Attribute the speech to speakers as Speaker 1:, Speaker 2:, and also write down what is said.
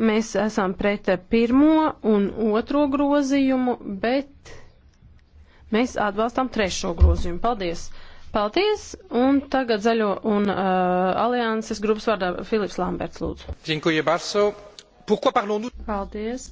Speaker 1: Mēs esam pret pirmo un otro grozījumu, bet mēs atbalstām trešo grozījumu. Paldies! Paldies! Un tagad zaļo un uh, alianses grupas vārdā Filips Lamberts
Speaker 2: lūdzu.
Speaker 1: Paldies!